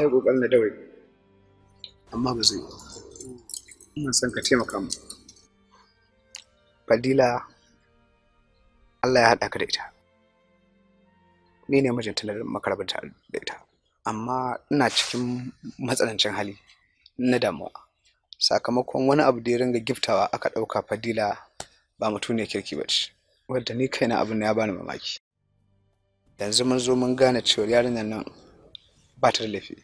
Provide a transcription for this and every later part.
yi kokarin na dawai, amma ba zai yi ina san ka taimaka mu fadila Allah ya haɗa ka da ita ni ne mijin talarin ta da ita amma ina cikin matsanancin hali na damuwa sakamakon wani abu da ya ringa giftawa aka ɗauka fadila ba mutum ne kirki ba ce wadda ni kaina abin ya bani mamaki yanzu mun zo mun gane cewar yarinyar nan ba ta da laifi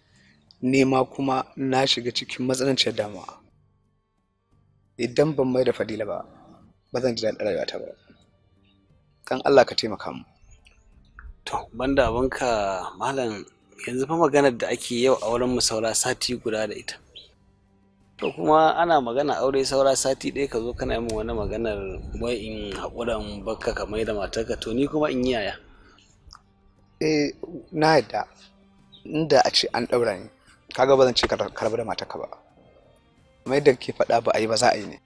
nema kuma na shiga cikin matsananciyar damuwa idan ban mai da fadila ba ba zan ji daɗin ta ba kan Allah ka taimaka mu to banda abinka malam yanzu fa maganar da ake yau a wurin mu saura sati guda da ita to kuma ana magana aure saura sati ɗaya ka zo kana min wani maganar wai in haƙura bakka ka mai da matarka to ni kuma in yaya eh na yadda inda a ce an ɗaura ni kaga ba zan ce karba da matarka ba mai da ke faɗa ba a yi ba za a yi ne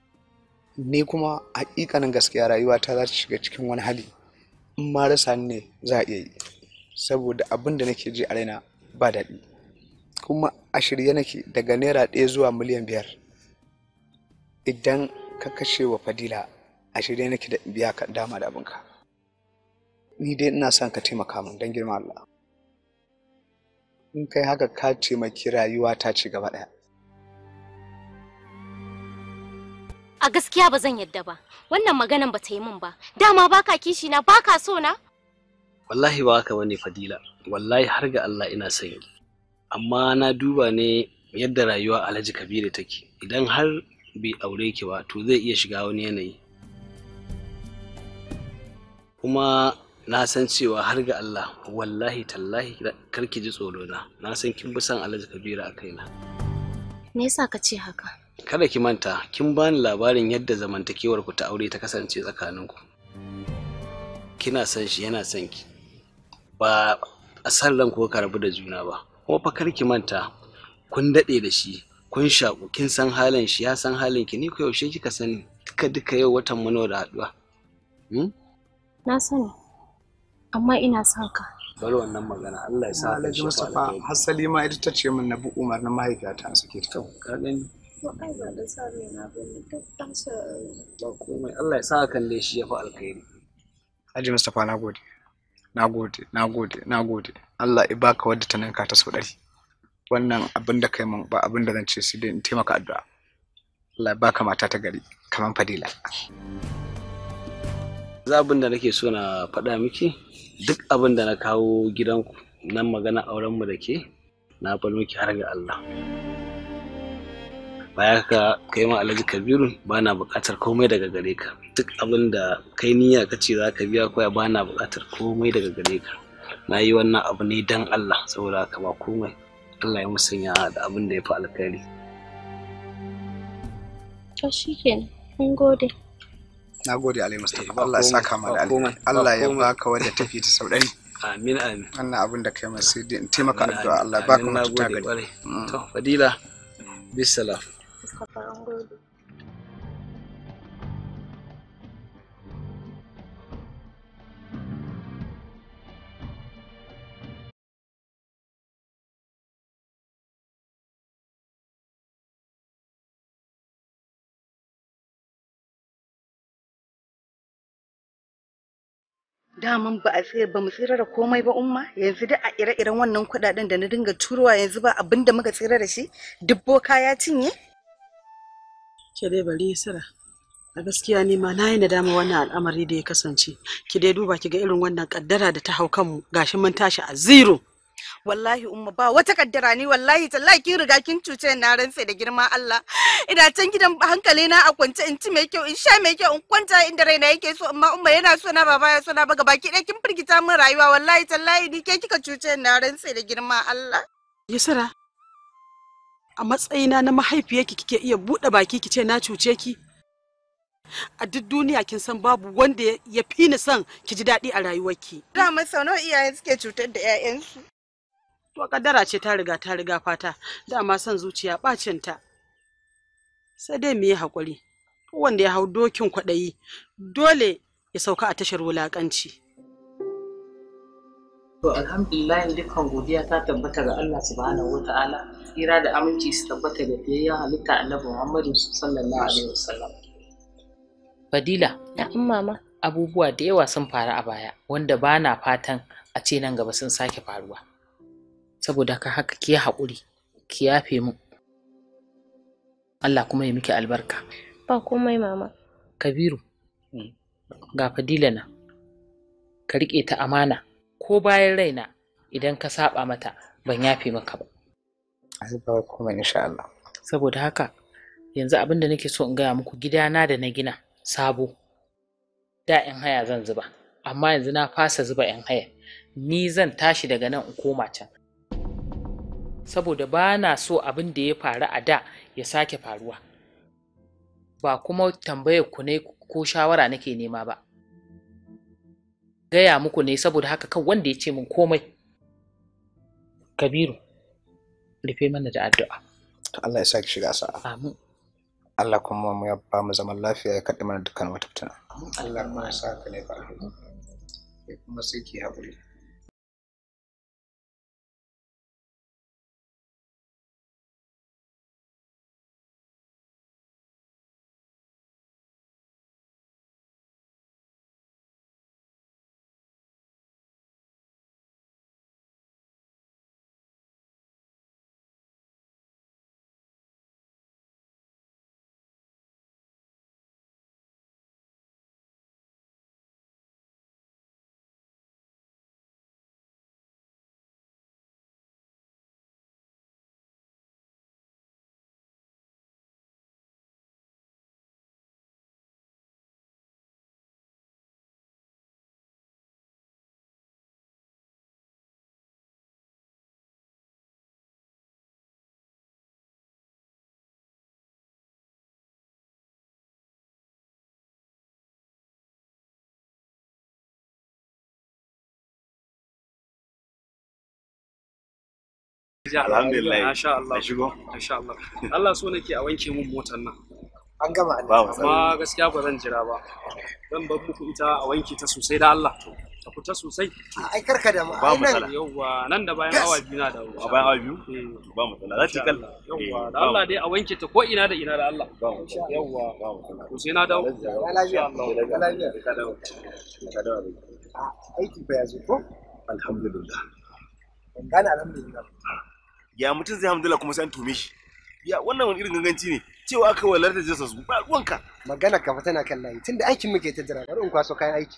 ni kuma hakikanin gaskiya rayuwa ta za ta shiga cikin wani hali in ma rasa ni ne za a iya yi saboda abin da nake ji a raina ba daɗi kuma a shirye nake daga naira ɗaya zuwa miliyan biyar idan ka kashe wa fadila a shirye nake da biya ka dama da abinka ni dai ina son ka taimaka min don girma Allah in kai haka ka taimaki rayuwa ta ci gaba ɗaya. A gaskiya ba zan yadda ba, wannan maganan ba ta yi min ba, dama ka kishi na ba ka so na? Wallahi ba haka wani Fadila, wallahi har ga Allah ina son Amma na duba ne yadda rayuwa Alhaji Kabiru take, idan har bai aure ki ba to zai iya shiga wani yanayi. Kuma na san cewa har ga Allah wallahi tallahi karki ji tsoro na na san kin bi san Allah Kabira a kaina me yasa ka ce haka kada ki manta kin bani labarin yadda zamantakewar ku ta aure ta kasance tsakaninku kina san shi yana son ki ba a san ranku ka rabu da juna ba kuma fa karki manta kun daɗe da shi kun shaku kin san halin shi ya san halin ki ni ko yaushe kika sani duka duka yau watan mu da haɗuwa hmm? na sani amma ina son ka Bari wannan magana Allah ya sa Alhaji Mustapha hasali ma ita tace min na bi umarnin mahaifiyata an suke ta ka gani Allah ya sa kalle shi ya fa alkhairi Haji Mustapha na gode na gode na gode na gode Allah ya baka wadda ta ninka ta so ɗari wannan abin da kai mun ba abin da zan ce sai dai in taimaka addu'a Allah ya baka mata ta gari kamar fadila abin da nake so na faɗa miki duk abin da na kawo gidanku nan magana aurenmu da ke na bar miki har ga Allah baya ka kai ma alhaji kabiru ba na buƙatar komai daga gare ka duk abin da kai niyya ka ce za ka biya koya ba na buƙatar komai daga gare ka na yi wannan abu ne dan Allah saboda haka ba komai Allah ya musanya da abin da ya fi alkhairi to shikenan mun gode na gode Ali mustapha Allah ya saka mu da Allah ya baka wanda tafi ta saudani amin amin wannan abin da kai mai mm. sai in taimaka addu'a Allah ya baka mutunta gari to fadila bisalam daman ba ba mu tsira da komai ba umma yanzu da a ire-iren wannan kudaden da na dinga turuwa yanzu ba abin da muka tsira da shi dubbo kaya cinye ke dai bari sira a gaskiya ne ma na yi nadama wannan al'amari da ya kasance ki dai duba ki ga irin wannan kaddara da ta hau kanmu gashi mun tashi a zero wallahi umma ba wata kaddara ni wallahi tallahi kin riga kin cuce na rantse da girma Allah ina can gidan hankali na a kwance in ci mai kyau in sha mai kyau in kwanta inda raina yake so amma umma yana so na baba ya so na ba gabaki ɗaya kin firgita min rayuwa wallahi tallahi ni ke kika cuce na rantse da girma Allah Yusra a matsayina na mahaifiyarki kike iya buɗe baki ki ce na cuce ki a duk duniya kin san babu wanda ya fi ni son ki ji daɗi a rayuwarki. Dama sau nawa iyayen suke cutar da 'ya'yansu. to kaddara ce ta riga ta riga fata dama son zuciya bacin ta sai dai mu yi hakuri wanda ya hau dokin kwaɗayi dole ya sauka a tashar wulakanci To alhamdulillah dukkan godiya ta tabbata ga Allah subhanahu ta'ala, tsira da aminci su tabbata ga biyayyen halitta Annabi Muhammadu sallallahu alaihi wasallam. Fadila, amma mama. Abubuwa da yawa sun faru a baya wanda ba na fatan a ce nan gaba sun sake faruwa. saboda ka haka ki haƙuri ki yafe mu Allah kuma ya miki albarka ba komai mama kabiru hmm. ga fadila na ka riƙe ta amana ko bayan raina idan ka saba mata ban yafe maka ba kuma insha Allah saboda haka yanzu abin da nake so in gaya muku gidana da na gina sabo da 'yan haya zan zuba amma yanzu na fasa zuba 'yan haya ni zan tashi daga nan in koma can saboda ba na so abin da ya faru a da ya sake faruwa ba kuma tambayar ku ne ko shawara nake nema ba gaya muku ne saboda haka kan wanda ya ce min komai kabiru rufe mana da addu'a to Allah ya saki shiga sa'a amin Allah kuma mu ya ba mu zaman lafiya ya kaɗi mana dukkan wata fitina Allah kuma ya saka ne Ba kuma sai ki haƙuri alhamdulillah masha Allah shigo insha Allah Allah so nake a wanke mun motar nan an gama amma gaskiya ba zan jira ba zan bar muku ita a wanke ta sosai da Allah ta fita sosai ai karka da ma ba matsala yawa nan da bayan awa biyu na da a bayan awa biyu eh. ba matsala za ta kal Yawwa eh, da Allah dai a wanke ta ko ina da ina da Allah Ba ba Yawwa yawa to sai na dawo lafiya lafiya ka dawo ka dawo aiki ba ya zo ko alhamdulillah gane alhamdulillah ya mutum zai hamdala kuma san an shi ya wannan wani irin ganganci ne cewa aka walar da jesus ba ruwanka magana ka fa tana kan layi tunda aikin muke ta jira bari in kwaso kayan aiki